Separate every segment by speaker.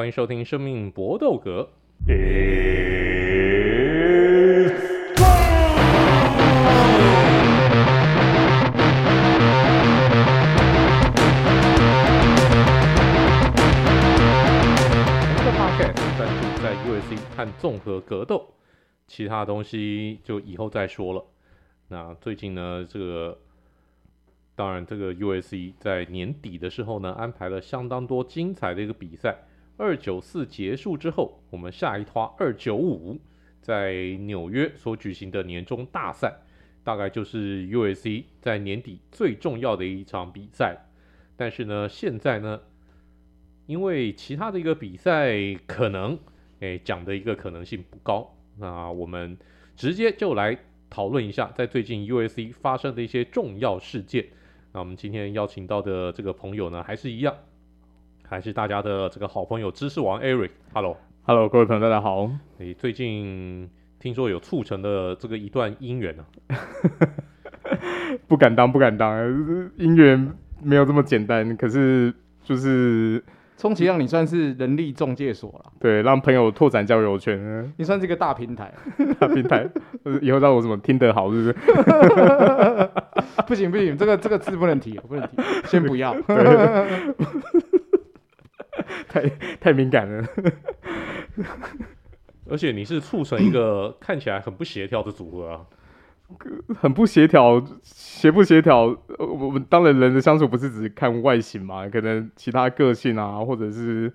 Speaker 1: 歡迎收聽《生命搏鬥格》。我是主持人。專注在 UFC 和綜合格鬥，其他東西就以後再說了。那最近呢，這個當然，這個 UFC 在年底的時候呢，安排了相當多精彩的一個比賽。二九四結束之後，我們下一趴二九五，在紐約所舉行的年終大賽，大概就是 UFC 在年底最重要的一場比賽。但是呢，現在呢，因為其他的一個比賽可能，哎、欸，講的一個可能性不高，那我們直接就來討論一下，在最近 UFC 發生的一些重要事件。那我們今天邀請到的這個朋友呢，還是一樣。還是大家的這個好朋友知識王 Eric，Hello，Hello，各位朋友大家好。你最近聽說有促成的這個一段姻緣呢？
Speaker 2: 不敢當，不敢當啊，姻緣沒有這麼簡單。可是就是，
Speaker 3: 充其量你算是人力中介所
Speaker 2: 了。對，讓朋友拓展交友圈，
Speaker 3: 你算是一個大平台。
Speaker 2: 大平台，以後讓我怎麼聽得好？是
Speaker 3: 不是？ 不行不行，這個這個字不能提，不能提，先不要。 對 太太敏感了，
Speaker 1: 而且你是促成一個看起來很不協調的組合
Speaker 2: 啊，很不協調，協不協調？我我們當然人的相處不是只看外形嘛，可能其他個性啊，或者是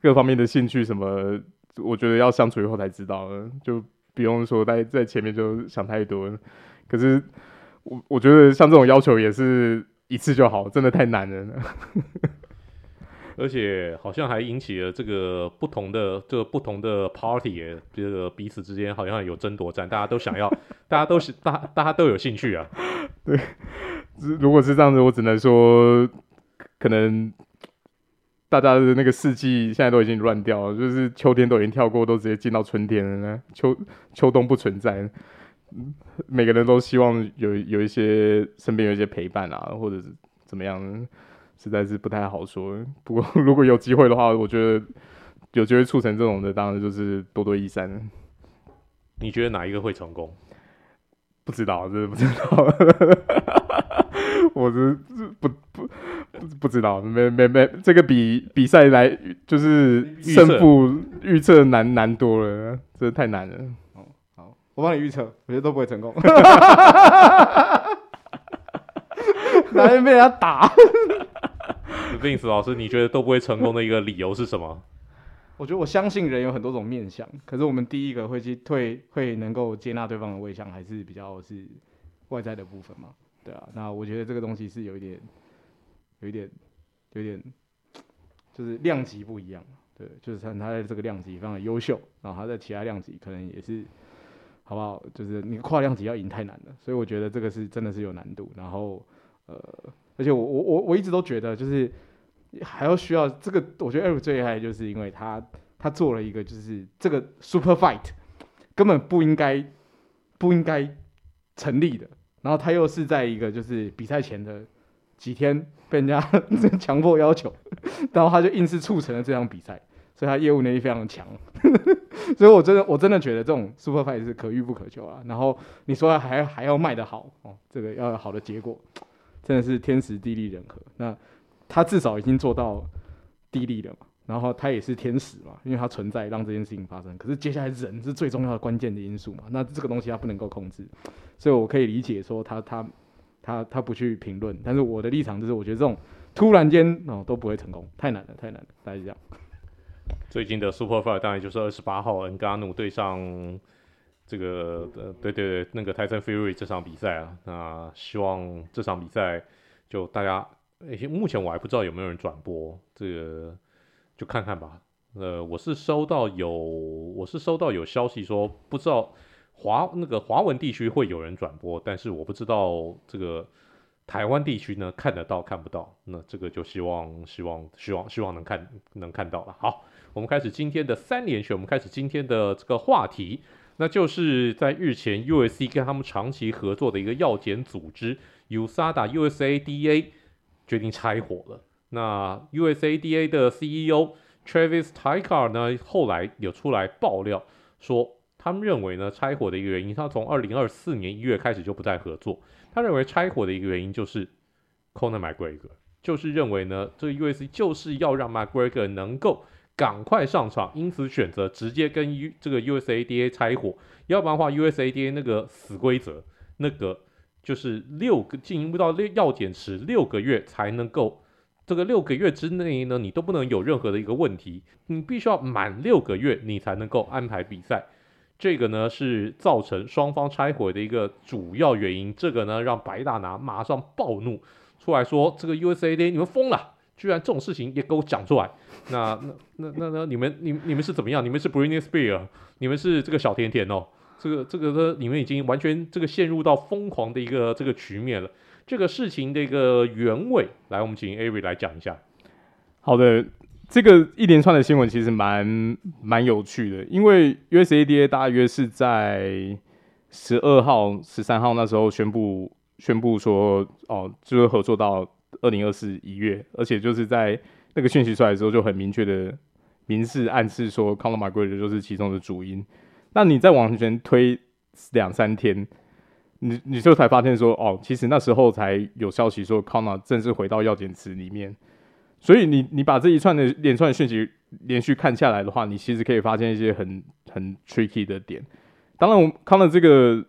Speaker 2: 各方面的興趣什麼，我覺得要相處以後才知道了，就不用說在在前面就想太多。可是我我覺得像這種要求也是一次就好，真的太難了。嗯
Speaker 1: 而且好像還引起了這個不同的這個不同的 party，這、欸、個彼此之間好像有爭奪戰，大家都想要， 大家都是，大，大家都有興趣啊。
Speaker 2: 對，如果是這樣子，我只能說，可能大家的那個四季現在都已經亂掉了，就是秋天都已經跳過，都直接進到春天了呢。秋秋冬不存在，每個人都希望有有一些身邊有一些陪伴啊，或者是怎麼樣。實在是不太好說。不過如果有機會的話，我覺得有機會促成這種的，當然就是多多益善。你覺得哪一個會成功？不知道，真的不知道。 我這不不不，不知道，沒沒沒，這個比比賽來就是勝負預測難難多了，真的太難了。哦，
Speaker 3: 好，我幫你預測，我覺得都不會成功。哈哈哈哈哈哈！還被人家打？
Speaker 1: 林子老師，你覺得都不會成功的一個理由是什麼？
Speaker 3: 我覺得我相信人有很多種面相，可是我們第一個會去退，會能夠接納對方的位向，還是比較是外在的部分嘛？對啊，那我覺得這個東西是有一點，有一點，有點，就是量級不一樣。對，就是像他在這個量級非常優秀，然後他在其他量級可能也是，好不好？就是你跨量級要贏太難了，所以我覺得這個是真的是有難度。然後，呃。而且我我我我一直都覺得，就是還要需要這個。我覺得 Eric 最厲害，就是因為他他做了一個，就是這個 Super Fight 根本不應該不應該成立的。然後他又是在一個就是比賽前的幾天被人家強 迫要求，然後他就硬是促成了這場比賽，所以他業務能力非常強。 所以我真的我真的覺得這種 Super Fight 是可遇不可求啊。然後你說還還要賣得好哦，這個要有好的結果。真的是天時地利人和，那他至少已經做到地利了嘛，然後他也是天時嘛，因為他存在讓這件事情發生。可是接下來人是最重要的關鍵的因素嘛，那這個東西他不能夠控制，所以我可以理解說他他他他不去評論，但是我的立場就是我覺得這種突然間哦都不會成功，太難了太難了大概是這樣，
Speaker 1: 最近的 Super Fire 大概就是二十八號恩加努對上。這個呃，對對對那個泰森菲瑞這場比賽啊，那希望這場比賽就大家，目前我還不知道有沒有人轉播，這個就看看吧。呃，我是收到有，我是收到有消息說，不知道華那個華文地區會有人轉播，但是我不知道這個台灣地區呢看得到看不到？那這個就希望希望希望希望能看能看到了。好，我們開始今天的三連拳，我們開始今天的這個話題。那就是在日前，UFC 跟他們長期合作的一個藥檢組織 USADA（USADA） US 決定拆夥了。那 USADA 的 CEO Travis Tygart 呢，後來有出來爆料說，他們認為呢拆夥的一個原因，他從二零二四年一月開始就不再合作。他認為拆夥的一個原因就是 Conor McGregor，就是認為呢，這 UFC 就是要讓 McGregor 能夠。趕快上場，因此選擇直接跟 U 這個 USADA 拆夥，要不然的話 USADA 那個死規則，那個就是六個，進入到藥檢池六個月才能夠，這個六個月之內呢，你都不能有任何的一個問題，你必須要滿六個月你才能夠安排比賽，這個呢是造成雙方拆夥的一個主要原因，這個呢讓白大拿馬上暴怒出來說：“這個 USADA 你們瘋了！”居然這種事情也給我講出來，那那那那那你們你你們是怎麼樣？你們是 Britney Spears 你們是這個小甜甜哦、喔，這個這個的你們已經完全這個陷入到瘋狂的一個這個局面了。這個事情的一個原委，來我們請 Avery 來講一下。
Speaker 2: 好的，這個一連串的新聞其實蠻蠻有趣的，因為 USADA 大約是在十二號、十三號那時候宣布宣布說哦，就是合作到。二零二四一月，而且就是在那個訊息出來的時候，就很明確的明示暗示說，Conor McGregor 就是其中的主因。那你再往前推兩三天，你你就才發現說，哦，其實那時候才有消息說，Conor 正式回到藥檢池裡面。所以你你把這一串的連串訊息連續看下來的話，你其實可以發現一些很很 tricky 的點。當然，我們 Conor 這個。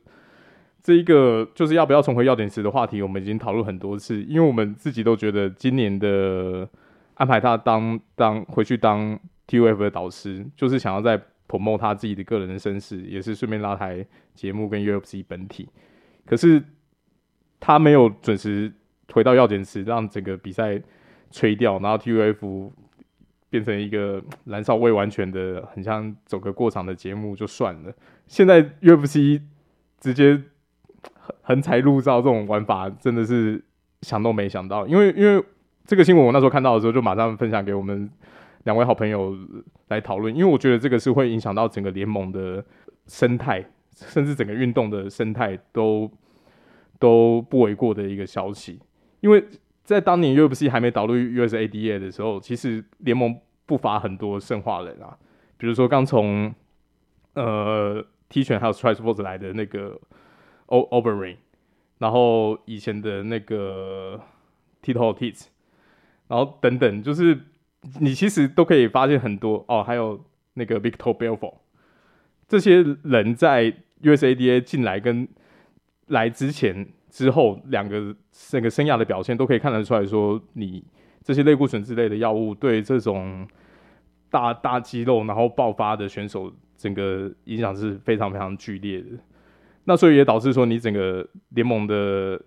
Speaker 2: 這一個就是要不要重回藥檢池的話題，我們已經討論很多次。因為我們自己都覺得，今年的安排他當當回去當 TUF 的導師，就是想要再 promote 他自己的個人的身世，也是順便拉抬節目跟 UFC 本體。可是他沒有準時回到藥檢池，讓整個比賽吹掉，然後 TUF 變成一個燃燒未完全的、很像走個過場的節目就算了。現在 UFC 直接。橫財入賬這種玩法真的是想都沒想到，因為因為這個新聞我那時候看到的時候，就馬上分享給我們兩位好朋友來討論，因為我覺得這個是會影響到整個聯盟的生態，甚至整個運動的生態都都不為過的一個消息。因為在當年 UFC 還沒導入 USADA 的時候，其實聯盟不乏很多生化人啊，比如說剛從呃 T 拳還有 Strikeforce 來的那個。Oberyn，然後以前的那個 Tito Ortiz 然後等等，就是你其實都可以發現很多哦，還有那個 Victor Belfort，這些人在 USADA 進來跟來之前、之後兩個這個生涯的表現都可以看得出來說，你這些類固醇之類的藥物對這種大大肌肉然後爆發的選手，整個影響是非常非常劇烈的。那所以也導致說，你整個聯盟的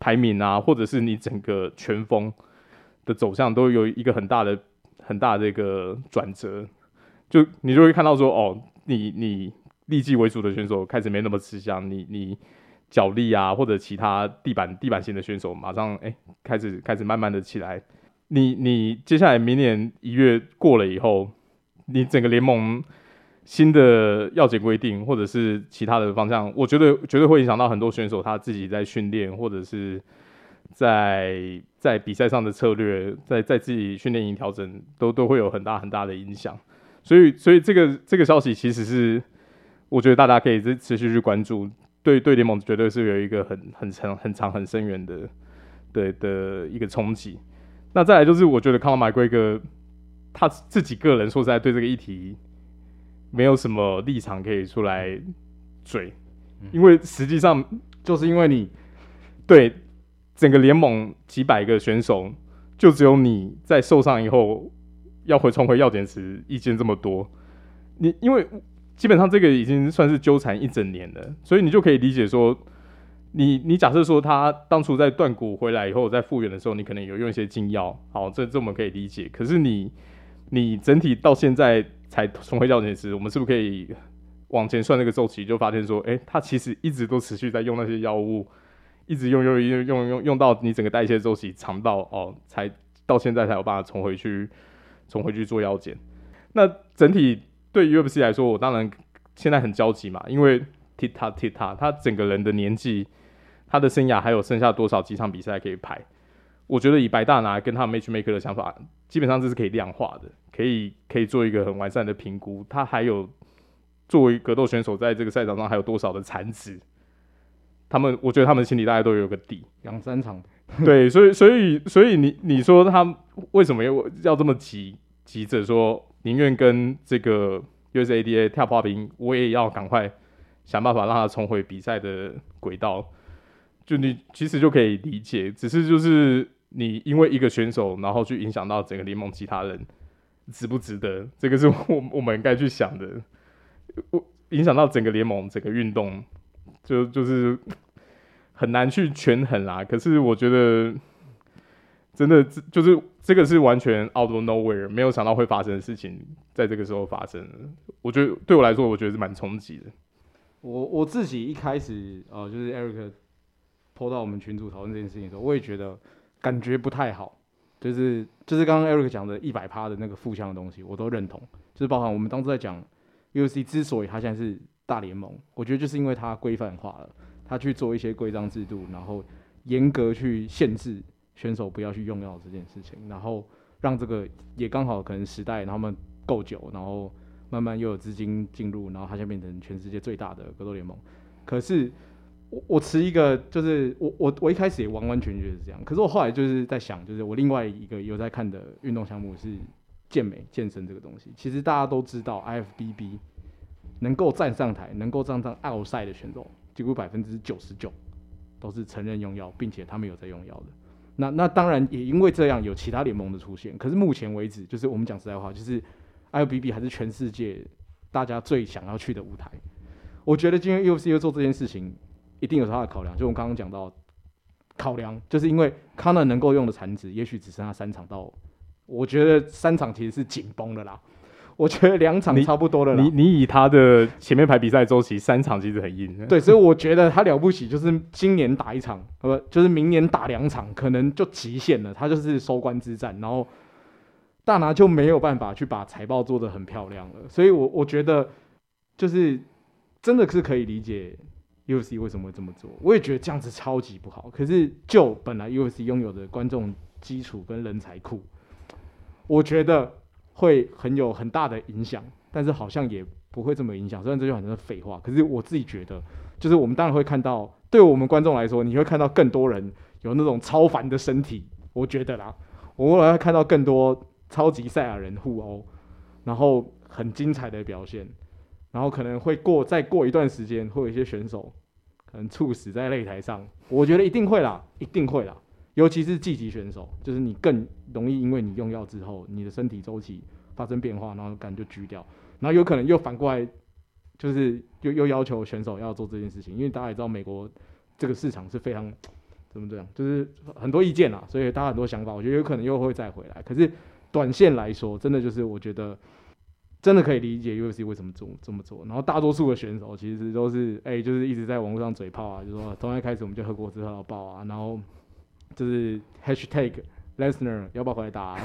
Speaker 2: 排名啊，或者是你整個拳風的走向，都有一個很大的、很大的一個轉折。就你就會看到說，哦，你你立技為主的選手開始沒那麼吃香，你你角力啊，或者其他地板地板型的選手，馬上哎、欸、開始開始慢慢的起來。你你接下來明年一月過了以後，你整個聯盟。新的藥檢規定，或者是其他的方向，我覺得絕對會影響到很多選手他自己在訓練，或者是在在比賽上的策略，在在自己訓練營調整，都都會有很大很大的影響。所以，所以這個這個消息其實是，我覺得大家可以是持續去關注，對對聯盟絕對是有一個很很，很，很長很長很深遠的對的一個衝擊。那再來就是，我覺得康納麥奎格他自己個人說實在對這個議題。沒有什麼立場可以出來嘴，因為實際上就是因為你對整個聯盟幾百個選手，就只有你在受傷以後要回重回藥檢時意見這麼多。你因為基本上這個已經算是糾纏一整年了，所以你就可以理解說，你你假設說他當初在斷骨回來以後在復原的時候，你可能有用一些禁藥，好，這這我們可以理解。可是你你整體到現在。才重回藥檢時，我們是不是可以往前算那個周期，就發現說，誒、欸，他其實一直都持續在用那些藥物，一直用用用用用用到你整個代謝周期長到哦，才到現在才有辦法重回去，重回去做藥檢。那整體對於 UFC 來說，我當然現在很焦急嘛，因為 Tita Tita，他整個人的年紀，他的生涯還有剩下多少幾場比賽可以排？我覺得以白大拿跟他 matchmaker 的想法，基本上這是可以量化的，可以可以做一個很完善的評估。他還有作為格鬥選手在這個賽場上還有多少的殘值？他們我覺得他們心裡大概都有個底，兩三場。對，所以所以所以你你說他為什麼要要這麼急急着說，寧願跟這個 USADA 跳花瓶，我也要趕快想辦法讓他重回比賽的軌道。就你其實就可以理解，只是就是。你因為一個選手，然後去影響到整個聯盟其他人，值不值得？這個是我我們應該去想的。我影響到整個聯盟，整個運動，就就是很難去權衡啦、啊。可是我覺得，真的就是這個是完全 out of nowhere，沒有想到會發生的事情，在這個時候發生了。我覺得對我來說，我覺得是蠻衝擊的。
Speaker 3: 我我自己一開始啊、呃，就是 Eric 拋到我們群組討論這件事情的時候，我也覺得。感覺不太好，就是就是剛剛 Eric 講的一百趴的那個負向的東西，我都認同。就是包含我們當初在講 UFC 之所以它現在是大聯盟，我覺得就是因為它規範化了，它去做一些規章制度，然後嚴格去限制選手不要去用藥這件事情，然後讓這個也剛好可能時代他們夠久，然後慢慢又有資金進入，然後它就變成全世界最大的格鬥聯盟。可是。我我持一個，就是我我我一開始也完完全全覺得是這樣，可是我後來就是在想，就是我另外一個有在看的運動項目是健美健身這個東西。其實大家都知道，IFBB 能夠站上台，能夠站上奧賽的選手，幾乎百分之九十九都是承認用藥，並且他們有在用藥的。那那當然也因為這樣，有其他聯盟的出現，可是目前為止，就是我們講實在話，就是 IFBB 還是全世界大家最想要去的舞台。我覺得今天 UFC 做這件事情。一定有他的考量，就我們剛剛講到考量，就是因為康納能夠用的產值，也許只剩下三場到，我覺得三場其實是緊繃的啦，我覺得兩場差不多了啦你。你你以他
Speaker 2: 的前面排
Speaker 3: 比賽周期，三場其實很硬，對，所以我覺得他了不起，就是今年打一場，不 就是明年打兩場，可能就極限了，他就是收官之戰，然後大拿就沒有辦法去把財報做得很漂亮了，所以我，我我覺得就是真的是可以理解。UFC 為什麼會這麼做？我也覺得這樣子超級不好。可是就本來 UFC 擁有的觀眾基礎跟人才庫，我覺得會很有很大的影響。但是好像也不會這麼影響，雖然這就很多廢話。可是我自己覺得，就是我們當然會看到，對我們觀眾來說，你會看到更多人有那種超凡的身體。我覺得啦，我未來會看到更多超級賽亞人互毆，然後很精彩的表現，然後可能會過再過一段時間，會有一些選手。很猝死在擂台上，我覺得一定會啦，一定會啦。尤其是積極選手，就是你更容易因為你用藥之後，你的身體周期發生變化，然後感覺就狙掉，然後有可能又反過來，就是又又要求選手要做這件事情。因為大家也知道，美國這個市場是非常怎麼怎樣，就是很多意見啦。所以大家很多想法，我覺得有可能又會再回來。可是短線來說，真的就是我覺得。真的可以理解 UFC 為什麼做這麼做，然後大多數的選手其實都是，哎，就是一直在網絡上嘴炮啊，就說從一開始我們就喝果汁喝到爆啊，然後就是 hashtag Lesnar 要不要回來打，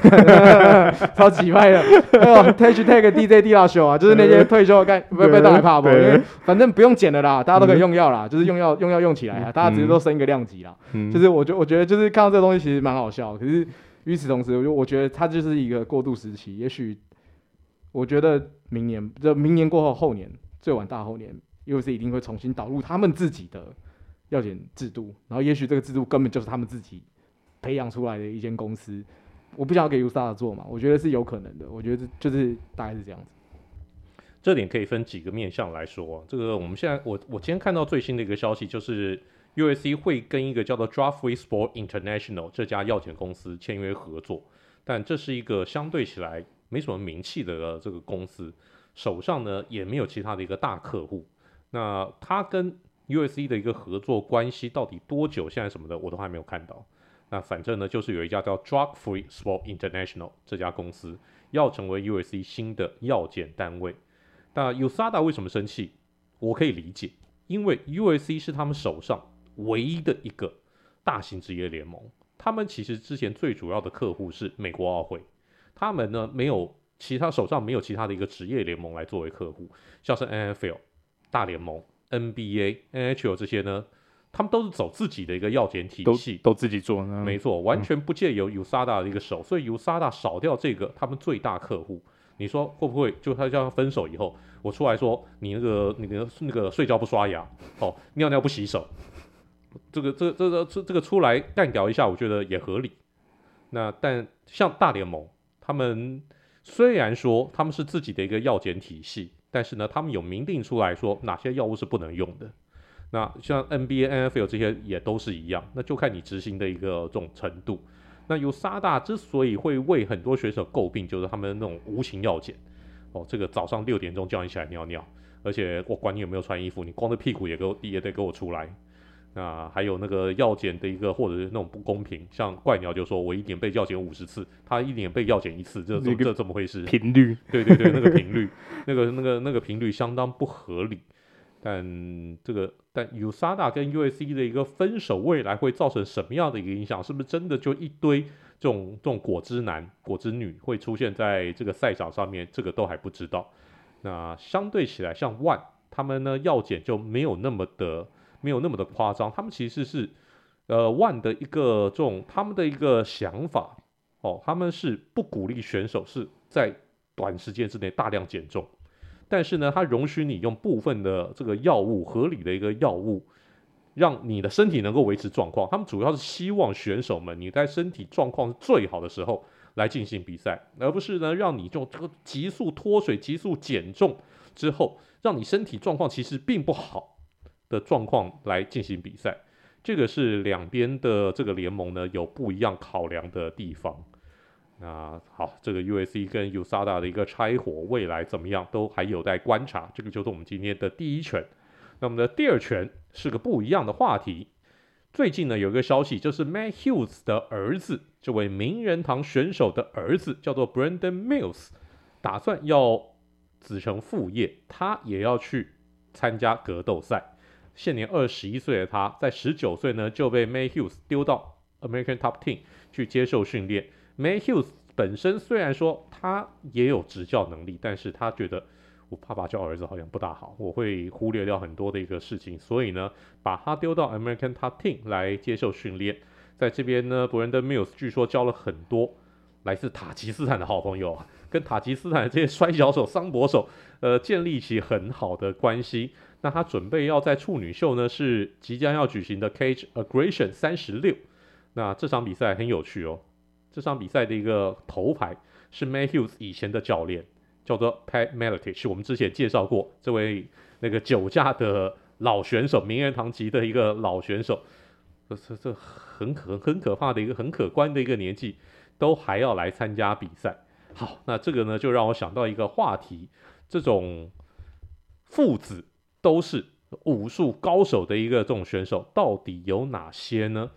Speaker 3: 超奇怪的，#hashtagdjdlaux 啊，就是那些退休的幹不要不要當裁判，反正不用檢的啦，大家都可以用藥啦，就是用藥用藥用起來啊，大家直接都升一個量級啦。就是我覺我覺得就是看到這東西其實蠻好笑，可是與此同時，我就我覺得它就是一個過渡時期，也許。我覺得明年，就明年過後後年，最晚大後年，UFC 一定會重新導入他們自己的藥檢制度。然後，也許這個制度根本就是他們自己培養
Speaker 1: 出來的一間公司。
Speaker 3: 我不想給 USADA 做嘛，我覺得是有可能的。我覺得就是大
Speaker 1: 概是這樣子。這點可以分幾個面向來說。這個我們現在，我我今天看到最新的一個消息，就是 UFC 會跟一個叫做 Drug Free Sport International 這家藥檢公司簽約合作。但這是一個相對起來。沒什麼名氣的這個公司，手上呢，也沒有其他的一個大客戶。那他跟 UFC 的一個合作關係到底多久？現在什麼的我都還沒有看到。那反正呢，就是有一家叫 Drug Free Sport International 這家公司要成為 UFC 新的藥檢單位。那 USADA 為什麼生氣？我可以理解，因為 UFC 是他們手上唯一的一個大型職業聯盟。他們其實之前最主要的客戶是美國奧會。他們呢，沒有其他手上沒有其他的一個職業聯盟來作為客戶，像是 NFL、大聯盟、NBA、NHL 這些呢，他們都是走自己的一個藥檢體系，都，都自己做，呢，沒錯，完全不借由 USADA 的一個手，嗯、所以 USADA 少掉這個他們最大客戶，你說會不會？就他叫分手以後，我出來說你那個、你那個、那個睡覺不刷牙哦，尿尿不洗手，這個、這個、這個、這、這個出來幹掉一下，我覺得也合理。那但像大聯盟。他們雖然說他們是自己的一個藥檢體系，但是呢，他們有明定出來說哪些藥物是不能用的。那像 NBA、NFL 這些也都是一樣，那就看你執行的一個這種程度。那 USADA 之所以會為很多選手詬病，就是他們那種無情藥檢。哦，這個早上六點鐘叫你起來尿尿，而且我管你有沒有穿衣服，你光着屁股也給我也得給我出來。啊，還有那個藥檢的一個，或者是那種不公平，像怪鳥就說我一年被藥檢五十次，他一年被藥檢一次，這這，這這怎麼回事？頻率，對對對，那個頻率， 那個那個那個頻率相當不合理。但這個，但 USADA 跟 USC 的一個分手，未來會造成什麼樣的一個影響？是不是真的就一堆這種這種果汁男、果汁女會出現在這個賽場上面？這個都還不知道。那相對起來，像 ONE 他們呢，藥檢就沒有那麼的。沒有那麼的誇張，他們其實是，呃，one 的一個這種他們的一個想法哦，他們是不鼓勵選手是在短時間之內大量減重，但是呢，他容許你用部分的這個藥物，合理的一個藥物，讓你的身體能夠維持狀況。他們主要是希望選手們，你在身體狀況最好的時候來進行比賽，而不是呢讓你就這種極速脫水、極速減重之後，讓你身體狀況其實並不好。的狀況來進行比賽，這個是兩邊的這個聯盟呢有不一樣考量的地方。那好，這個 UFC 跟 USADA 的一個拆夥，未來怎麼樣都還有待觀察。這個就是我們今天的第一拳。那我們的第二拳是個不一樣的話題。最近呢有一個消息，就是 Matt Hughes 的兒子，這位名人堂選手的兒子叫做 Brandon Mills，打算要子承父業，他也要去參加格鬥賽。現年二十一歲的他，在十九歲呢就被 Matt Hughes 丟到 American Top Team 去接受訓練。Matt Hughes 本身雖然說他也有執教能力，但是他覺得我爸爸教兒子好像不大好，我會忽略掉很多的一個事情，所以呢把他丟到 American Top Team 來接受訓練。在這邊呢，Brendan Mills 據說交了很多來自塔吉斯坦的好朋友，跟塔吉斯坦的這些摔跤手、桑搏手，呃，建立起很好的關係。那他準備要在處女秀呢？是即將要舉行的 Cage Aggression 三十六。那這場比賽很有趣哦。這場比賽的一個頭牌是 Matt Hughes 以前的教練，叫做 Pat Miletich，是我們之前介紹過這位那個酒駕的老選手，名人堂級的一個老選手。這這，這很可很，很可怕的一個很可觀的一個年紀，都還要來參加比賽。好，那這個呢，就讓我想到一個話題：這種父子，都是武術高手的一個這種選手，到底有哪些呢？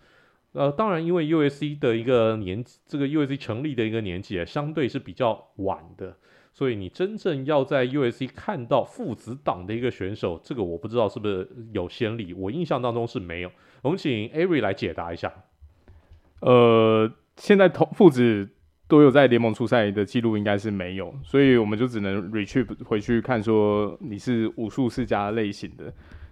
Speaker 1: 呃，當然，因為 UFC 的一個年這個 UFC 成立的一個年紀啊，相對是比較晚的，所以你真正要在 UFC 看到父子檔的一個選手，這個我不知道是不是有先例，我印象當中是沒有。我們請 Ari 來解答一下。呃，
Speaker 2: 現在同父子，都有在聯盟出賽的記錄，應該是沒有，所以我們就只能 retrieve 回去看說你是武術世家類型的。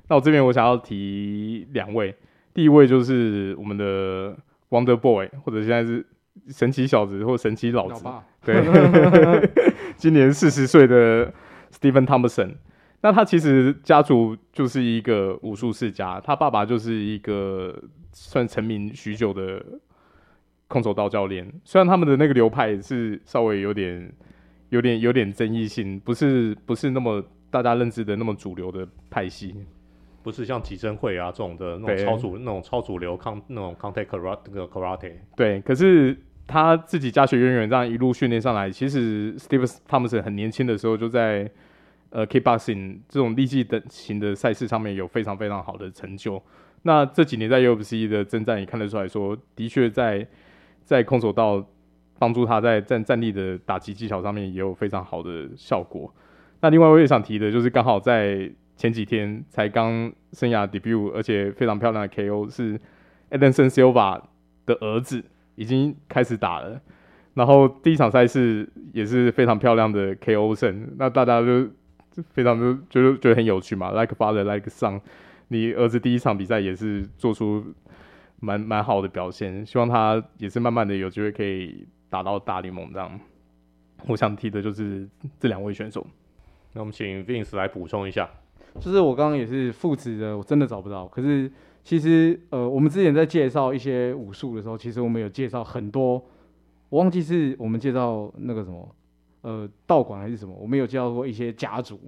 Speaker 2: 那我這邊我想要提兩位，第一位就是我們的 Wonder Boy，或者現在是神奇小子或神奇老子，老爸對， 今年四十歲的 Stephen Thompson，那他其實家族就是一個武術世家，他爸爸就是一個算成名許久的。空手道教練，雖然他們的那個流派也是稍微有點、有點、有點爭議性，不是不是那麼大家認知的那麼主流的派系，
Speaker 1: 不是像極真會啊這種的那種超主、對那種超主流康那種 contact 那個 karate。
Speaker 2: 對，可是他自己家學淵源，這樣一路訓練上來，其實 Steve Thompson 很年輕的時候就在呃 kickboxing 這種立技等型的賽事上面有非常非常好的成就。那這幾年在 UFC 的征戰也看得出來說，的確在。在空手道幫助他在站站立的打擊技巧上面也有非常好的效果。那另外我也想提的就是，剛好在前幾天才剛生涯 debut，而且非常漂亮的 KO 是 Anderson Silva 的兒子已經開始打了。然後第一場賽事也是非常漂亮的 KO 勝，那大家就非常的覺得覺得很有趣嘛，like father like son，你兒子第一場比賽也是做出。蠻蠻好的表現，希望他也是慢慢的有機會可以打到大聯盟這樣。我想提的就是這兩位
Speaker 3: 選手，那我們請 Vince 來補充一下，就是我剛剛也是父子的，我真的找不到。可是其實呃，我們之前在介紹一些武術的時候，其實我們有介紹很多，我忘記是我們介紹那個什麼呃道館還是什麼，我們有介紹過一些家族，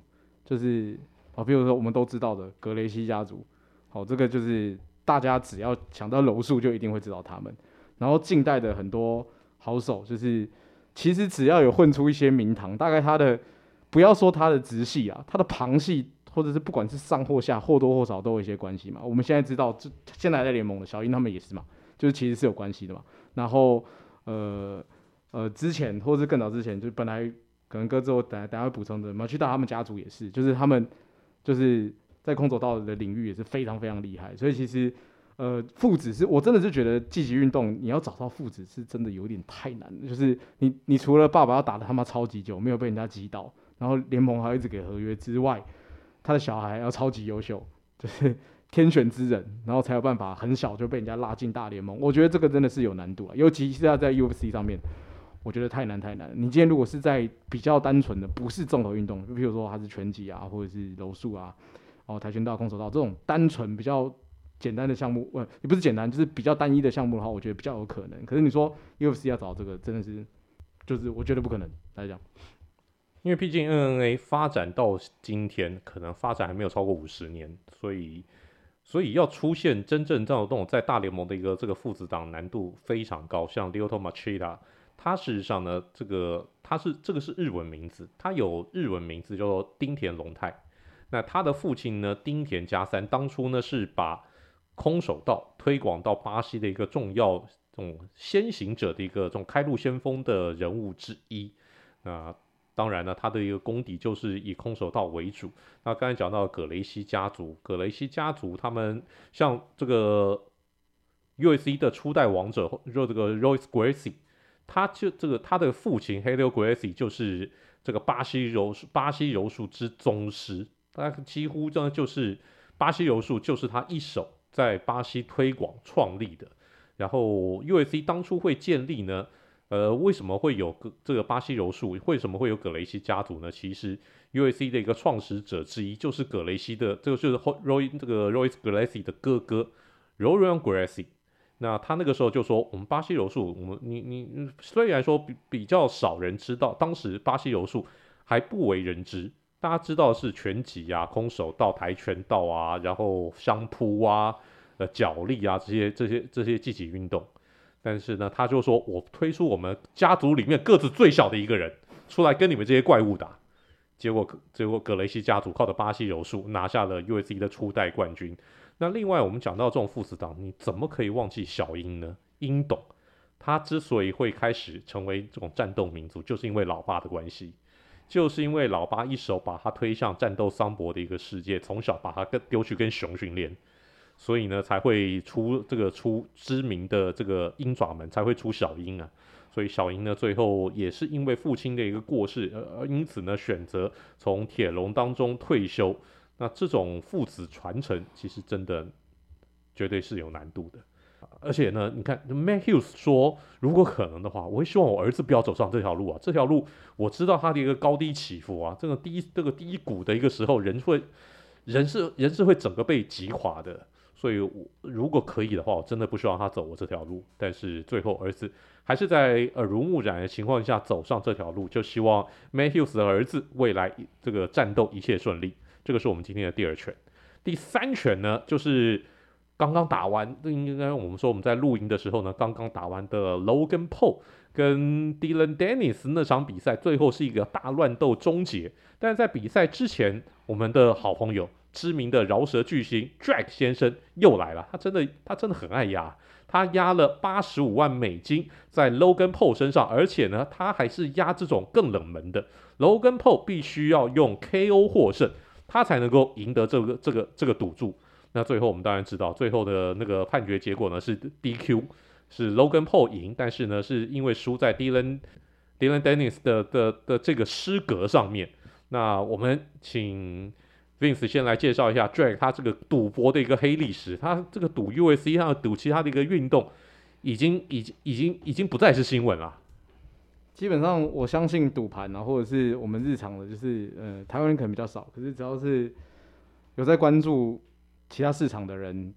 Speaker 3: 就是啊，比如說我們都知道的格雷西家族，好，這個就是。大家只要想到柔術，就一定會知道他們。然後近代的很多好手，就是其實只要有混出一些名堂，大概他的不要說他的直系啊，他的旁系或者是不管是上或下，或多或少都有一些關係嘛。我們現在知道，就現在在聯盟的小鷹他們也是嘛，就是其實是有關係的嘛。然後呃呃，之前或者更早之前，就本來可能各自我等一下會補充的嘛，去到他們家族也是，就是他們就是。在空手道的領域也是非常非常厲害，所以其實，呃，父子是我真的是覺得積極運動，你要找到父子是真的有點太難了，就是你你除了爸爸要打得他媽超級久，沒有被人家擊倒，然後聯盟還要一直給合約之外，他的小孩要超級優秀，就是天選之人，然後才有辦法很小就被人家拉進大聯盟。我覺得這個真的是有難度啊，尤其是要在 UFC 上面，我覺得太難太難。你今天如果是在比較單純的不是綜合運動，就譬如說他是拳擊啊，或者是柔術啊，哦、跆拳道、空手道這種單純比較簡單的項目，呃，也不是簡單，就是比較單一的項目的話，我覺得比較有可能。可是你說 UFC 要找這個，真的是，就是我覺得不可能
Speaker 1: 來講，因為畢竟 MMA 發展到今天，可能發展還沒有超過五十年，所以，所以要出現真正這樣的動物，在大聯盟的一個這個父子檔，難度非常高。像 Lyoto Machida 它事實上呢，這個它是這個是日文名字，它有日文名字叫做町田龍太。那他的父親呢？丁田加三，當初呢是把空手道推廣到巴西的一個重要這種先行者的一個這種開路先鋒的人物之一。那、呃、當然呢，他的一個功底就是以空手道為主。那剛才講到葛雷西家族，葛雷西家族他們像這個 UFC 的初代王者，就這個 Royce Gracie，他就這個他的父親 Helio Gracie 就是這個巴西柔巴西柔術之宗師。大家幾乎呢，就是巴西柔術就是他一手在巴西推廣創立的。然後 UFC 當初會建立呢，呃，為什麼會有這個巴西柔術？為什麼會有葛雷西家族呢？其實 UFC 的一個創始者之一就是葛雷西的，這個就是 Roy 這個 Royce Gracie 的哥哥 Rorion Gracie 那他那個時候就說：“我們巴西柔術，我們你你雖然說比比較少人知道，當時巴西柔術還不為人知。”大家知道是拳擊啊、空手道、跆拳道啊，然後相撲啊、呃角力啊，這些這些這些競技運動。但是呢，他就說我推出我們家族裡面個子最小的一個人出來跟你們這些怪物打。結果結果格雷西家族靠着巴西柔術拿下了 UFC 的初代冠軍。那另外我們講到這種父子檔，你怎麼可以忘記小鷹呢？鷹董，他之所以會開始成為這種戰鬥民族，就是因為老爸的關係。就是因為老爸一手把他推向戰鬥桑博的一個世界，從小把他跟丟去跟熊訓練，所以呢才會出這個出知名的這個鷹爪門，才會出小鷹啊。所以小鷹呢最後也是因為父親的一個過世，呃，因此呢選擇從鐵籠當中退休。那這種父子傳承其實真的絕對是有難度的。而且呢，你看，Matt Hughes 說，如果可能的話，我會希望我兒子不要走上這條路啊。這條路我知道他的一個高低起伏啊，這個第一，這個低谷的一個時候，人會人是，人是會整個被擊垮的。所以我，如果可以的話，我真的不希望他走我這條路。但是最後，兒子還是在耳濡目染的情況下走上這條路，就希望 Matt Hughes 的兒子未來這個戰鬥一切順利。這個是我們今天的第二拳，第三拳呢，就是。剛剛打完，這應該我們說我們在錄音的時候呢，剛剛打完的 Logan Paul 跟 Dylan Dennis 那場比賽，最後是一個大亂鬥終結。但是在比賽之前，我們的好朋友，知名的饒舌巨星 Drake 先生又來了。他真的，他真的很愛壓，他壓了八十五萬美金在 Logan Paul 身上，而且呢，他還是壓這種更冷門的 Logan Paul 必須要用 KO 獲勝，他才能夠贏得這個這個這個賭注。那最後我們當然知道，最後的那個判決結果呢是 DQ，是 Logan Paul 贏，但是呢是因為輸在 Dillon Dillon Danis 的的的這個失格上面。那我們請 Vince 先來介紹一下 Drake 他這個賭博的一個黑歷史，他這個賭 UFC 他賭其他的一個運動，已經已經已經已經不再是新聞了。
Speaker 3: 基本上我相信賭盤啊，或者是我們日常的，就是呃台灣人可能比較少，可是只要是有在關注。其他市場的人，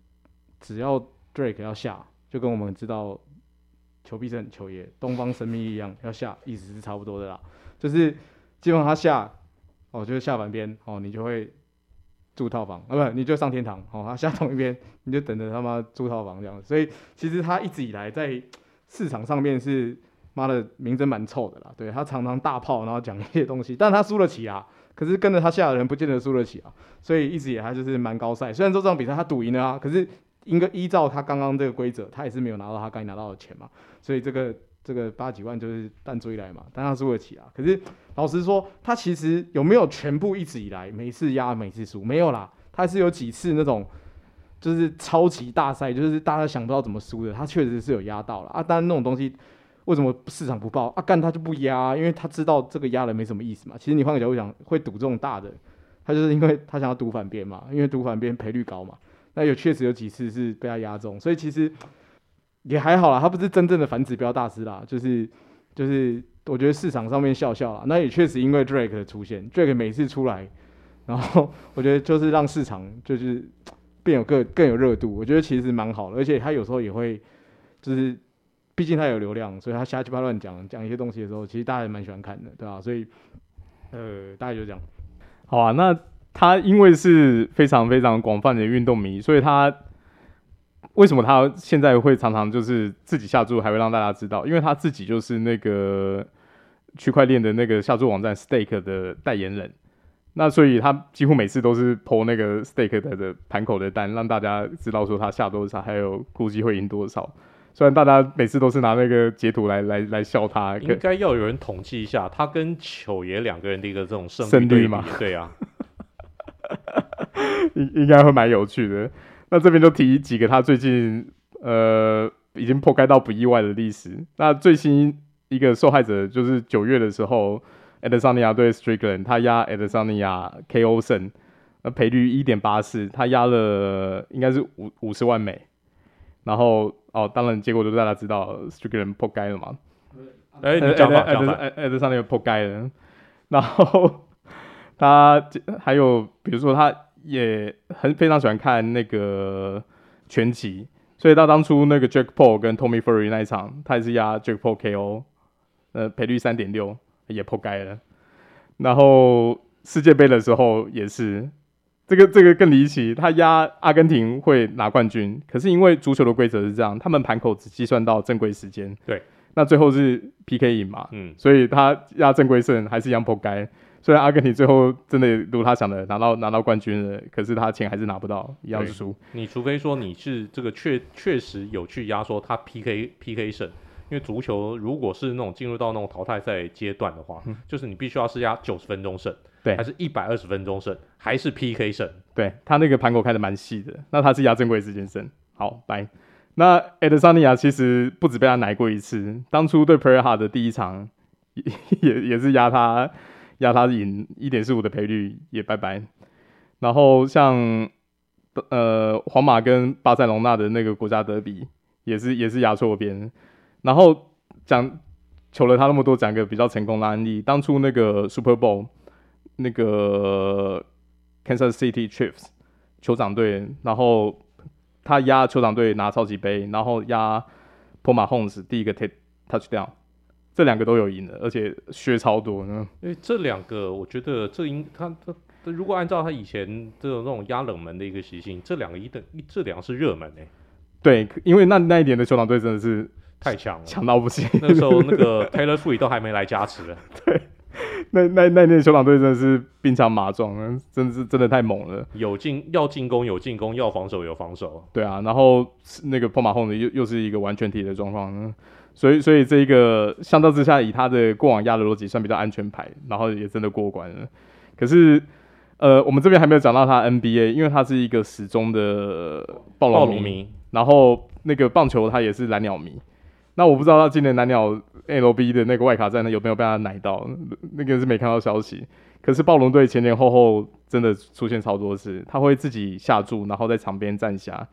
Speaker 3: 只要 Drake 要下，就跟我們知道裘必勝、裘爺、東方神秘一樣，要下，意思是差不多的啦。就是基本上他下，哦，就是下半邊，哦，你就會住套房，啊不，你就上天堂。哦，他下同一邊，你就等着他媽住套房這樣子。所以其實他一直以來在市場上面是，媽的名聲蠻臭的啦。對他常常大炮，然後講一些東西，但他輸得起啊。可是跟着他下的人不見得輸得起啊，所以一直以來他就是蠻高賽。雖然說這場比賽他賭贏了啊，可是應該依照他剛剛這個規則，他也是沒有拿到他該拿到的錢嘛。所以這個這個八幾萬就是但追來嘛，但他輸得起啊。可是老實說，他其實有沒有全部一直以來每次壓每次輸？沒有啦，他是有幾次那種就是超級大賽，就是大家想不到怎麼輸的，他確實是有壓到了啊。但那種東西。為什麼市場不報啊，幹，他就不壓，因為他知道這個壓了沒什麼意思嘛。其實你換個角度講，會賭這種大的，他就是因為他想要賭反邊嘛，因為賭反邊賠率高嘛。那有確實有幾次是被他壓中，所以其實也還好啦，他不是真正的反指標大師啦，就是就是我覺得市場上面笑笑啦。那也確實因為 Drake 的出現 ，Drake 每次出來，然後我覺得就是讓市場就是變有更更有熱度，我覺得其實蠻好的，而且他有時候也會就是。畢竟他有流量，所以他瞎七八亂講講一些東西的時候，其實大家也蠻喜歡看的，對吧，啊？所以，呃，大概就這樣。
Speaker 2: 好啊，那他因為是非常非常廣泛的運動迷，所以他為什麼他現在會常常就是自己下注，還會讓大家知道？因為他自己就是那個區塊鏈的那個下注網站 Stake 的代言人，那所以他幾乎每次都是拋那個 Stake 的的盤口的單，讓大家知道說他下多少，還有估計會贏多少。雖然大家每次都是拿那個截圖來來來笑他，可應
Speaker 1: 該要有人統計一下他跟九爺兩個人的一個這種勝率理嘛？對啊， 應
Speaker 2: 應該會蠻有趣的。那這邊就提幾個他最近呃已經破開到不意外的歷史。那最新一個受害者就是九月的時候，埃德桑尼亞對斯特裡克蘭，他押埃德桑尼亞 KO 勝，那賠率一點八四，他押了應該是五五十萬美，然後。哦，當然，結果就大家知道，這個人仆街了嘛。哎、欸，艾德，艾德，艾德、欸欸欸欸、上那個仆街了。然後他還有，比如說，他也很非常喜歡看那個拳擊，所以他當初那個 Jack Paul 跟 Tommy Fury 那一場，他也是壓 Jack Paul KO，呃，賠率三點六也仆街了。然後世界杯的時候也是。這個這個更離奇，他押阿根廷會拿冠軍，可是，因為足球的規則是這樣，他們盤口只計算到正規時間。對，那最後是 PK 贏嘛，嗯，所以他壓正規勝還是一樣撲街。雖然阿根廷最後真的如他想的拿到拿到冠軍了，可是他錢還是拿不到，一樣是輸。
Speaker 4: 你
Speaker 1: 除非說你是這個確確實有去壓說他 PK PK 勝。因為足球如果是那種進入到那種淘汰賽階段的話，嗯、就是你必須要試壓九十分鐘勝，對，還是一百二十分鐘勝，還是 PK 勝，
Speaker 2: 對，他那個盤口開的蠻細的，那他是壓
Speaker 1: 正規時間勝，
Speaker 2: 好，拜。那 a n 尼亞其實不止被他奶過一次，當初對 p r a h a 的第一場也也是壓他壓他贏一點四五的賠率，也拜拜。然後像呃皇馬跟巴塞隆那的那個國家德比，也是也是壓錯邊。然後講求了他那麼多，講個比較成功的案例。當初那個 Super Bowl，那個 Kansas City Chiefs 酋長隊，然後他壓酋長隊拿超級盃，然後壓 Mahomes 第一個 Touchdown，這兩個都有贏的，而且血超多呢。因、嗯、
Speaker 1: 為這兩個，我覺得這應他他如果按照他以前這種那種壓冷門的一個習性，這兩個一等，一這兩個是熱門哎、欸。
Speaker 2: 對，因為那那一年的酋長隊真的是。
Speaker 1: 太強了，強到不行。那時候那個 Taylor Swift 都還沒來加持。
Speaker 2: 對，那那那那那酋長隊真的是兵強馬壯啊，真是真的太猛了。
Speaker 1: 有進要進攻，攻，有進攻要防守，有防守。
Speaker 2: 對啊，然後那個 Mahomes 的又又是一個完全體的狀況。所以所以這一個相較之下，以他的過往押的邏輯算比較安全牌，然後也真的過關了。可是呃，我們這邊還沒有講到他 NBA，因為他是一個始終的暴龍迷，暴迷，然後那個棒球他也是藍鳥迷。那我不知道他今年藍鳥 MLB 的那個外卡戰呢，有沒有被他奶到，那個是沒看到消息。可是暴龍隊前前後後真的出現超多次，他會自己下注，然後在場邊站下。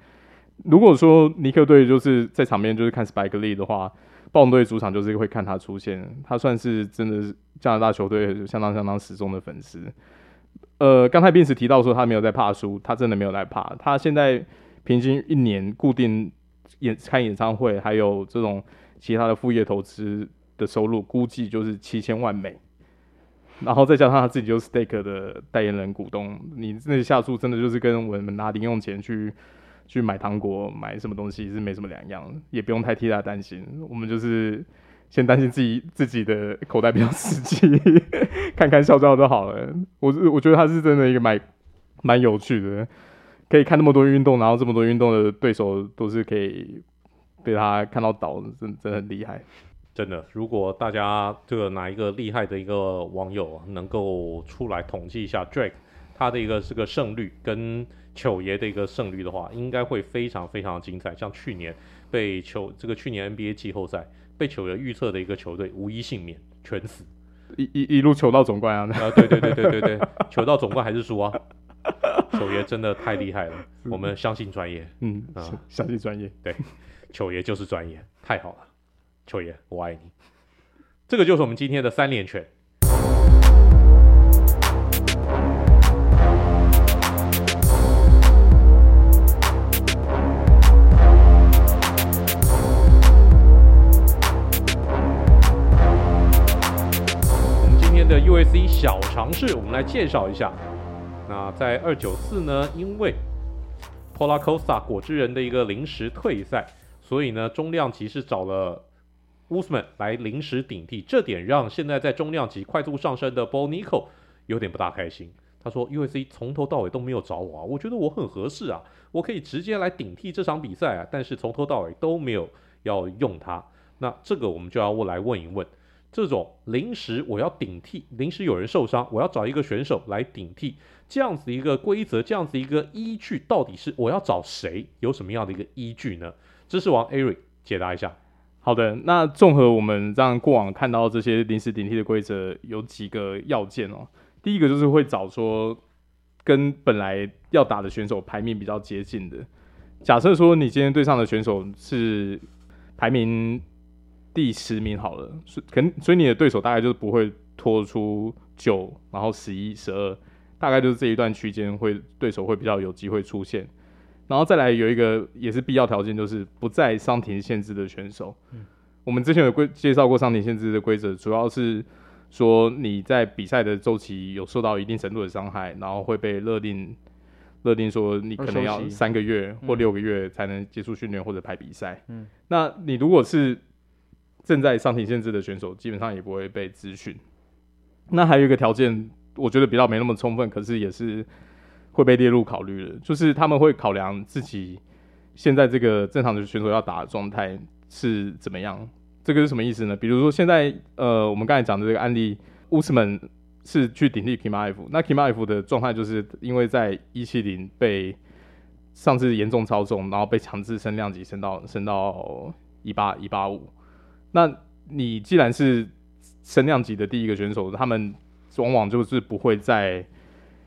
Speaker 2: 如果說尼克隊就是在場邊就是看 Spike Lee 的話，暴龍隊主場就是會看他出現。他算是真的加拿大球隊相當相當死忠的粉絲。呃，剛才斌時提到說他沒有在怕輸，他真的沒有在怕。他現在平均一年固定。演看演唱會，還有這種其他的副業投資的收入，估計就是七千萬美。然後再加上他自己就是 stake 的代言人股東，你那下注真的就是跟我們拿零用錢去去買糖果、買什麼東西是沒什麼兩樣，也不用太替他擔心。我們就是先擔心自己自己的口袋比較實際，看看笑笑就好了。我我覺得他是真的一個蠻蠻有趣的。可以看那麼多運動，然後這麼多
Speaker 1: 運動的對手都是可以被他看到倒，真的真的很厲害，真的。如果大家這個哪一個厲害的一個網友、啊、能夠出來統計一下 Drake 他的一個這個勝率跟球爺的一個勝率的話，應該會非常非常精彩。像去年被球這個去年 NBA 季後賽被球爺預測的一個球隊，無一倖免，全死，一一一路球到總冠啊！對、呃、對對對對對， 球到總冠還是輸啊！九爺真的太厲害了， 我們相信專業，嗯啊，嗯，相信專業，對，九爺 就是專業，太好了，九爺我愛你，這個就是我們今天的三連拳。 我們今天的 UFC 小常識，我們來介紹一下。那在二九四呢？因為 Paulo Costa 果汁人的一個臨時退賽，所以呢中量級是找了 Usman 來臨時頂替。這點讓現在在中量級快速上升的 Bonico 有點不大開心。他說 UFC 從頭到尾都沒有找我啊，我覺得我很合適啊，我可以直接來頂替這場比賽啊。但是從頭到尾都沒有要用他。那這個我們就要我來問一問，這種臨時我要頂替，臨時有人受傷，我要找一個選手來頂替。這樣子一個規則，這樣子一個依據，到底是我要找誰？有什麼樣的一個依據呢？知識王 Ari 解答一下。好的，那綜合我
Speaker 2: 們讓過往看到這些臨時頂替的規則，有幾個要件哦。第一個就是會找說跟本來要打的選手排名比較接近的。假設說你今天對上的選手是排名第十名好了，所肯所以你的對手大概就是不會拖出九，然後十一、十二。大概就是這一段區間，會對手會比較有機會出現，然後再來有一個也是必要條件，就是不在傷停限制的選手。我們之前有規介紹過傷停限制的規則，主要是說你在比賽的周期有受到一定程度的傷害，然後會被勒令勒令說你可能要三個月或六個月才能接觸訓練或者排比賽。嗯，那你如果是正在傷停限制的選手，基本上也不會被諮詢。那還有一個條件，我覺得比較沒那麼充分，可是也是會被列入考慮的，就是他們會考量自己現在這個正常的選手要打的狀態是怎麼樣。這個是什麼意思呢？比如說現在呃，我們剛才講的這個案例，烏斯曼是去頂替 Chimaev，那 Chimaev 的狀態就是因為在一七零被上次嚴重超重，然後被強制升量級升到升到一八一八五。那你既然是升量級的第一個選手，他們。往往就是不會在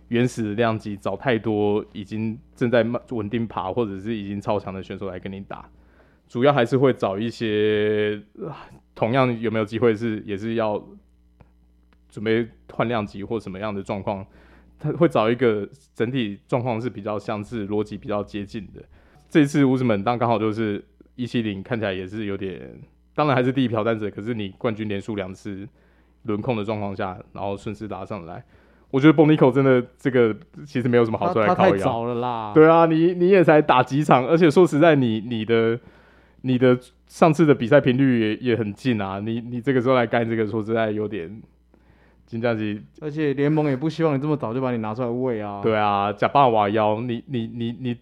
Speaker 2: 原始的量級找太多已經正在慢穩定爬或者是已經超強的選手來跟你打，主要還是會找一些同樣有沒有機會是也是要準備換量級或什麼樣的狀況，他會找一個整體狀況是比較相似、邏輯比較接近的。這一次烏斯曼當剛好就是一七零，看起來也是有點，當然還是第一挑戰者，可是你冠軍連輸兩次。輪空的狀況下，然後順勢拉上來，我覺得 Bonico 真的這個其實沒有什麼好處來考。他太早了啦！對啊，你你也才打幾場，而且說實在你，你你的你的上次的比賽頻率也也很近啊。你你這個時候來幹這個，說實在有點。緊張，
Speaker 3: 而且聯盟也不希望你這麼早就把你拿出來餵啊！對
Speaker 2: 啊，假霸王腰，你你你你。你你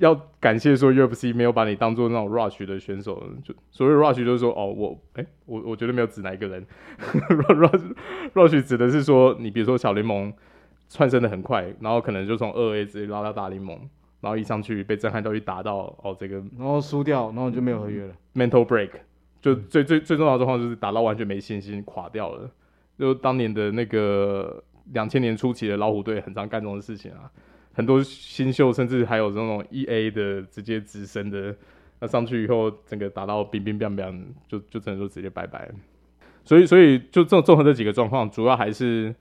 Speaker 2: 要感謝說 UFC 沒有把你當做那種 Rush 的選手，就所謂 Rush 就是說哦，我哎、欸，我我絕對沒有指哪一個人 ，Rush Rush 指的是說，你比如說小聯盟竄升的很快，然後可能就從二 A 直接拉到大聯盟，然後一上去被震撼到去打到哦這個，
Speaker 3: 然後輸掉，然後就沒有合約了，mental break 就最最
Speaker 2: 最重要的狀況就是打到完全沒信心垮掉了，就當年的那個兩千年初期的老虎隊很常幹這種事情啊。很多新秀，甚至還有這種 E A 的直接直升的，那上去以後，整個打到冰冰冰冰，就就真的就直接拜拜。所以，所以就綜綜合這幾個狀況，主要還是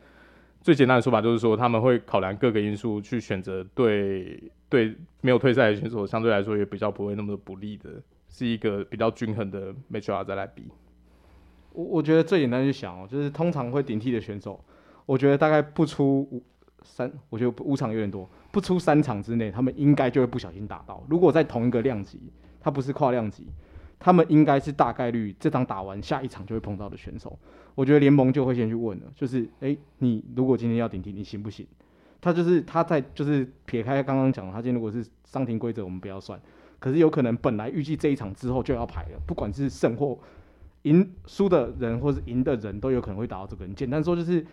Speaker 2: 最簡單的說法就是說，他們會考量各個因素去選擇對對沒有退賽的選手，相對來說也比較不會那麼不利的，是一個比較均衡的 matchup 再來比。
Speaker 3: 我我覺得最簡單去想哦，就是通常會頂替的選手，我覺得大概不出五三，我覺得五場有點多。不出三場之內，他們應該就會不小心打到。如果在同一個量級，他不是跨量級，他們應該是大概率這場打完，下一場就會碰到的選手。我覺得聯盟就會先去問了，就是，哎、欸，你如果今天要頂替，你行不行？他就是他在就是撇開剛剛講的，他今天如果是傷停規則，我們不要算。可是有可能本來預計這一場之後就要排了，不管是勝或贏，輸的人或是贏的人都有可能會打到這個。你簡單說就是。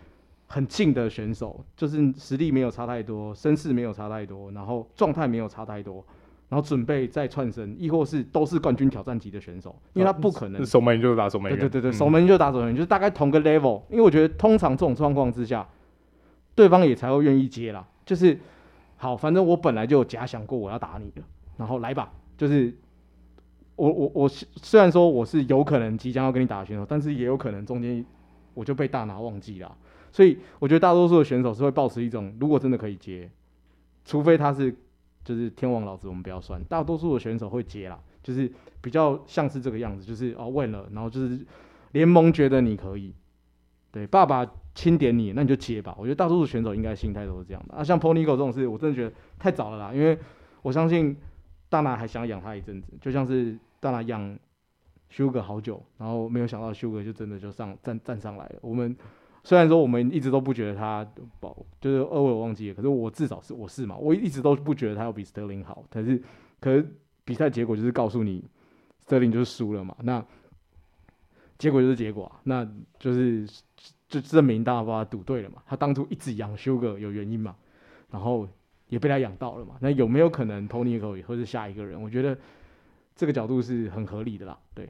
Speaker 3: 很近的選手，就是實力沒有差太多，身世沒有差太多，然後狀態沒有差太多，然後準備再竄升，亦或是都是冠軍挑戰級的選手，因為他不可能守
Speaker 2: 門員就打守門員，對對對，對、嗯、守門
Speaker 3: 員就打守門員，就是大概同個 level，因為我覺得通常這種狀況之下，對方也才會願意接啦。就是好，反正我本來就有假想過我要打你的，然後來吧，就是我我我雖然說我是有可能即將要跟你打的選手，但是也有可能中間我就被大拿忘記了。所以我覺得大多數的選手是會保持一種，如果真的可以接，除非他是就是天王老子，我們不要算。大多數的選手會接啦，就是比較像是這個樣子，就是哦問了，然後就是聯盟覺得你可以，對，爸爸欽點你，那你就接吧。我覺得大多數選手應該心態都是這樣的啊。像 Bo Nickal 這種事，我真的覺得太早了啦，因為我相信大拿還想養他一陣子，就像是大拿養修哥好久，然後沒有想到修哥就真的就上站站上來了，我們。雖然說我們一直都不覺得他保就是二位我忘記了，可是我至少是我是嘛，我一直都不覺得他要比 Sterling 好，可是，可是比賽結果就是告訴你，Sterling 就是輸了嘛，那結果就是結果啊，那就是就證明大家把他賭對了嘛，他當初一直養 Sugar 有原因嘛，然後也被他養到了嘛，那有沒有可能 Tony 可以或者是下一個人？我覺得這個角度是很合理的啦，對。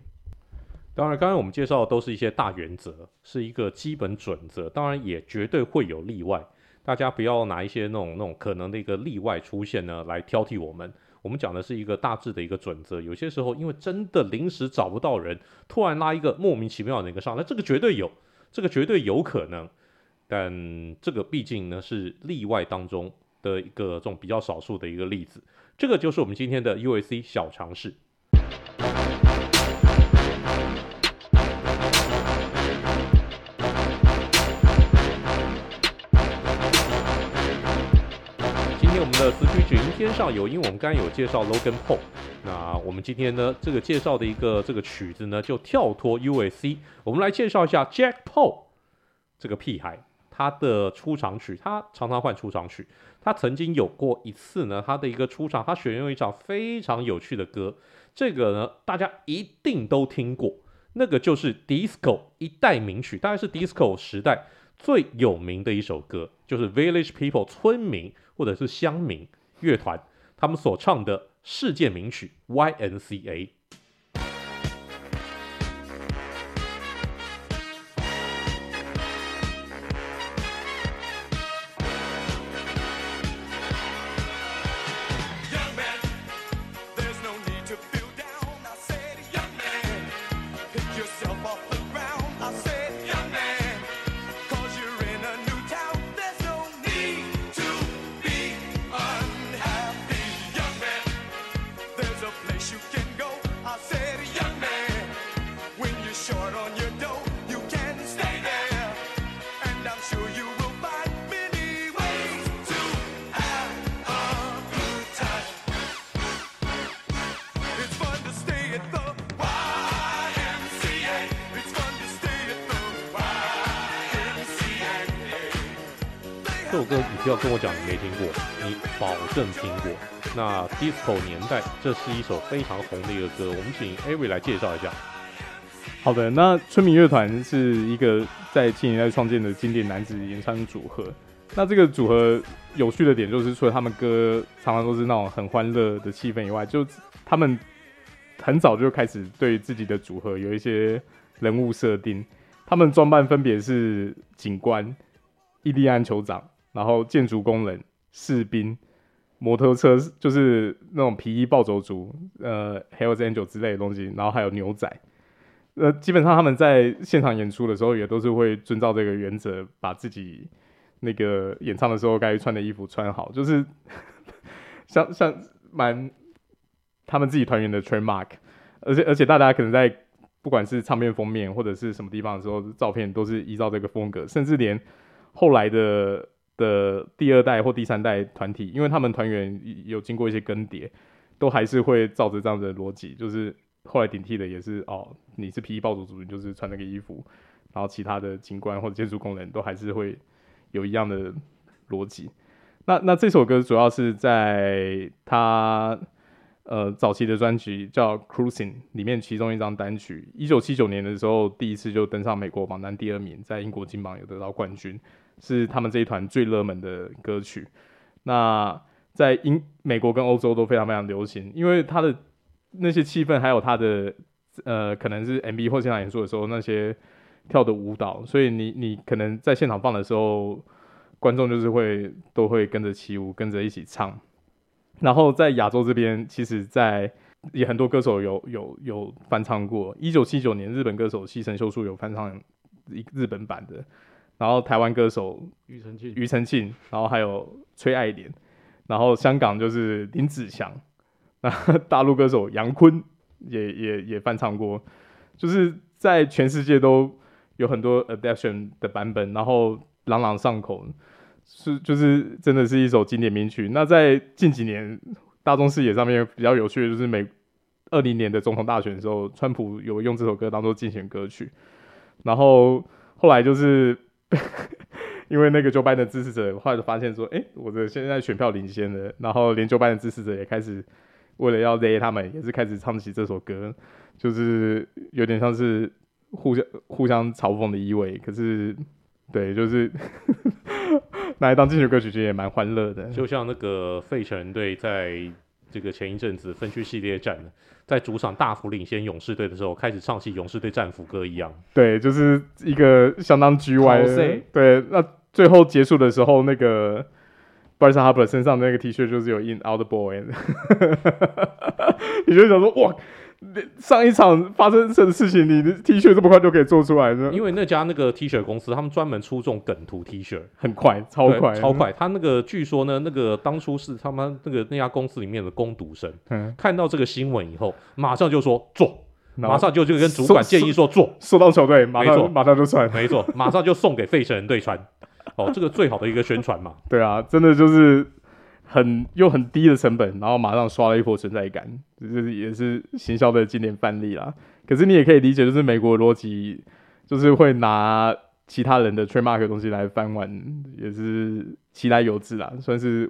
Speaker 1: 當然，剛才我們介紹的都是一些大原則，是一個基本準則。當然，也絕對會有例外。大家不要拿一些那種、那種可能的一個例外出現呢來挑剔我們。我們講的是一個大致的一個準則。有些時候，因為真的臨時找不到人，突然拉一個莫名其妙的一個上來，這個絕對有，這個絕對有可能。但這個畢竟呢是例外當中的一個這種比較少數的一個例子。這個就是我們今天的 UFC 小常識。的曲只應天上有，因為我們剛有介紹 Logan Paul。那我們今天呢，這個介紹的一個這個曲子呢，就跳脫 UFC。我們來介紹一下 Jake Paul 這個屁孩，他的出場曲，他常常換出場曲。他曾經有過一次呢，他的一個出場，他選用一首非常有趣的歌。這個呢，大家一定都聽過，那個就是 Disco 一代名曲，大概是 Disco 時代最有名的一首歌，就是 Village People 村民。或者是鄉民樂團，他們所唱的世界名曲《YMCA》。要跟我講你沒聽過，你保證聽過。那 disco 年代，這是一首非常紅的一個歌。我們請 Avery 來介紹一下。
Speaker 2: 好的，那村民樂團是一個在七零年代創建的經典男子演唱組合。那這個組合有趣的點就是，除了他們歌常常都是那種很歡樂的氣氛以外，就他們很早就開始對自己的組合有一些人物設定。他們裝扮分別是警官、印第安酋長。然後建築工人、士兵、摩托車，就是那種皮衣暴走族，呃，Hell's Angel 之類的東西。然後還有牛仔，呃，基本上他們在現場演出的時候，也都是會遵照這個原則，把自己那個演唱的時候該穿的衣服穿好，就是呵呵像像蠻他們自己團員的 Trademark。而且而且大家可能在不管是唱片封面或者是什麼地方的時候，照片都是依照這個風格，甚至連後來的。的第二代或第三代團體，因為他們團員有經過一些更迭，都還是會照着這樣的邏輯，就是後來頂替的也是哦，你是皮衣暴走族，你就是穿那個衣服，然後其他的警官或者建築工人都還是會有一樣的邏輯。那那這首歌主要是在他呃早期的專輯叫《Cruising》裡面其中一張單曲，一九七九年的時候第一次就登上美國榜單第二名，在英國金榜有得到冠軍。是他們這一團最熱門的歌曲，那在英、美國跟歐洲都非常非常流行，因為他的那些氣氛，還有他的呃，可能是 MV 或現場演出的時候那些跳的舞蹈，所以你你可能在現場放的時候，觀眾就是會都會跟着起舞，跟着一起唱。然後在亞洲這邊，其實在也很多歌手有有有翻唱過。一九七九年，日本歌手西城秀樹有翻唱一日本版的。然後台灣歌手庾澄慶、庾澄慶，然後還有崔愛蓮，然後香港就是林子祥，那大陸歌手楊坤也也也翻唱過，就是在全世界都有很多 adaption 的版本，然後朗朗上口，是就是真的是一首經典名曲。那在近幾年大眾視野上面比較有趣的就是，美二零年的總統大選的時候，川普有用這首歌當做競選歌曲，然後後來就是。 因為那個 Joe Biden 的支持者後來就發現說，誒、欸，我的現在選票領先了，然後連 Joe Biden 的支持者也開始為了要 t 他們也是開始唱起這首歌，就是有點像是互相互相嘲諷的意味。可是，對，就是 拿來當這首歌曲其實也蠻歡樂的，就
Speaker 1: 像那個費城隊在。這個前一陣子分區系列戰，在主場大幅領先勇士隊的時候，開始唱起勇士隊戰斧歌一樣。
Speaker 2: 對，就是一個相當 G Y 的。Oh, say. 對，那最後結束的時候，那個 Bryce Harper 身上的那個 T 恤就是有 IN Out The Boy， 你就想說，哇？上一場發生什麼事情，你的 T 恤這麼快就可
Speaker 1: 以做出來是不是？因為那家那個 T 恤公司，他們專門出這種梗圖 T 恤，很快，超快，超快。嗯、他那個據說呢，那個當初是他們那個那家公司裡面的工讀生，嗯、看到這個新聞以後，馬上就說做，後馬上就就跟主管建議說做，收到球隊，馬上錯馬上就，馬上就出來，沒錯，馬上就送給費城人隊穿， 哦，這個最好的一個宣傳嘛，
Speaker 2: 對啊，真的就是。很又很低的成本，然後馬上刷了一波存在感，這，就是也是行銷的經典範例啦。可是你也可以理解，就是美國的邏輯，就是會拿其他人的 trademark 東西來翻玩，也是其來有自啦，算是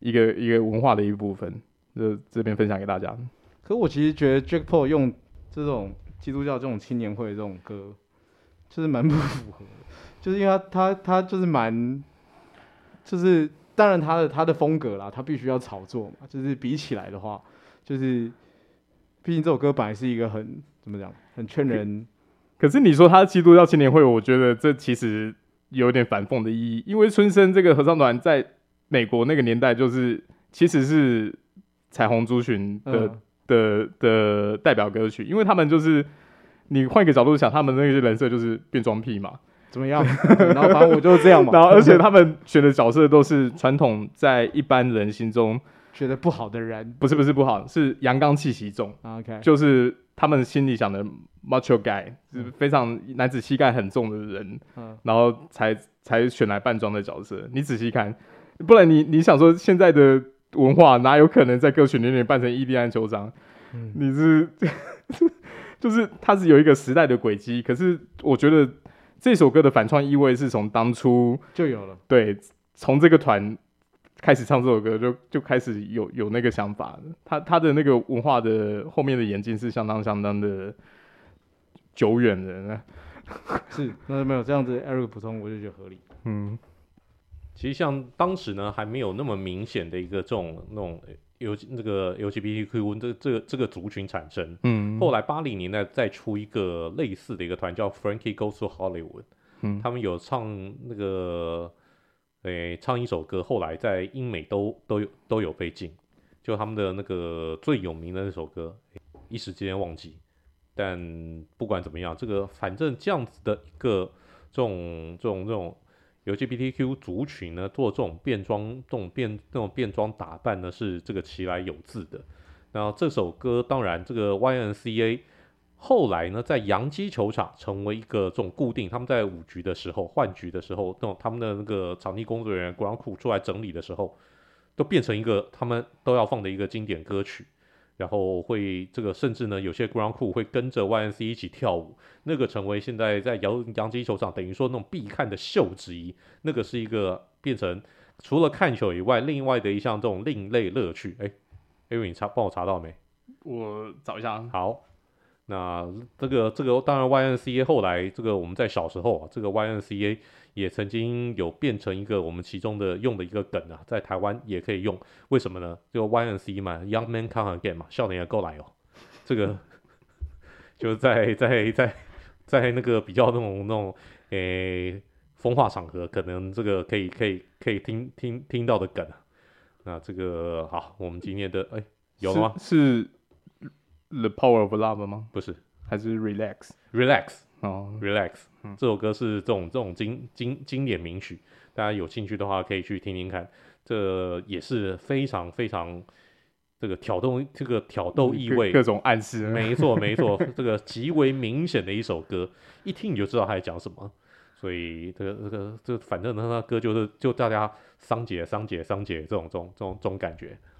Speaker 2: 一個一個文化的一部分。就這邊分享給大
Speaker 3: 家。可是我其實覺得 Jake Paul 用這種基督教、這種青年會的這種歌，就是蠻不符合，就是因為他他他就是蠻，就是。當然，他的他的風格啦，他必須要炒作嘛。就是比起來的話，就是畢竟這首歌本來是一個很怎麼講，很勸人。
Speaker 2: 可是你說他基督教青年會，我覺得這其實有點反諷的意義，因為春生這個合唱團在美國那個年代就是，其實是彩虹族群的、嗯、的的代表歌曲，因為他們就是你換一個角度想，他們那些人設就是變裝癖嘛。
Speaker 3: 怎麼樣、嗯？然後反正我就是這樣嘛。 然後，而且他
Speaker 2: 們選的角色都是傳統在一般人心中
Speaker 3: 覺得不好的人，不是不
Speaker 2: 是不好，是陽剛氣息重。OK，就是他們心裡想的 macho guy，就、嗯、是非常男子氣概很重的人。嗯，然後才才選來扮裝的角色。你仔細看，不然你你想說現在的文化哪有可能在歌曲裡面扮成印地安酋長？嗯、你是 就是他是有一個時代的軌跡，可是我覺得。這首歌的反串意味是從當初就有了，對，從這個團開始唱這首歌就就開始有有那個想法，他他的那個文化的後面的演進是相當相當的久遠的，
Speaker 3: 是，那沒有這樣子，Eric 補充我就覺得合理，嗯，
Speaker 1: 其實像當時呢還沒有那麼明顯的一個這種那種。尤其那個尤其 LGBTQ 這這這個族群產生，嗯，後來八零年代再出一個類似的一個團叫 Frankie Goes to Hollywood，嗯，他們有唱那個誒、欸、唱一首歌，後來在英美都都有都有被禁，就他們的那個最有名的那首歌，一時間忘記，但不管怎麼樣，這個反正這樣子的一個這種這種這種。有些 LGBTQ 族群呢，做這種變裝、這種變、這種變裝打扮呢，是這個其來有自的。然後這首歌，當然這個 YMCA 後來呢，在洋基球場成為一個這種固定，他們在五局的時候、換局的時候，那種他們的那個場地工作人員 Ground Crew 出來整理的時候，都變成一個他們都要放的一個經典歌曲。然後會這個，甚至呢，有些 ground crew 會跟着 YMCA 一起跳舞，那個成為現在在洋洋基球場等於說那種必看的秀之一，那個是一個變成除了看球以外，另外的一項這種另類樂趣。哎，艾瑞，你查幫我查到沒？我找一下啊。好。那這個這個當然，YMCA 後來這個我們在小時候啊，這個 YMCA 也曾經有變成一個我們其中的用的一個梗，啊，在台灣也可以用，為什麼呢？就 YMC 嘛，Young Man Come Again 嘛，少年也夠來哦、喔。這個就在在在在那個比較那種那種誒、欸、風化場合，可能這個可以可以可以聽聽聽到的梗。那這個好，我們今天的哎、欸，有了嗎？是。是 The Power of Love 嗎？不是，還是 Relax。Relax 哦，Relax。這首歌是這種這種經經經典名曲，大家有興趣的話可以去聽聽看。這也是非常非常這個挑動這個挑逗意味，各、各種暗示。沒錯沒錯，這個極為明顯的一首歌， 一聽你就知道他在講什麼。所以這個這個這反正他他歌就是就大家傷解傷解傷解這種這種這種這種感覺。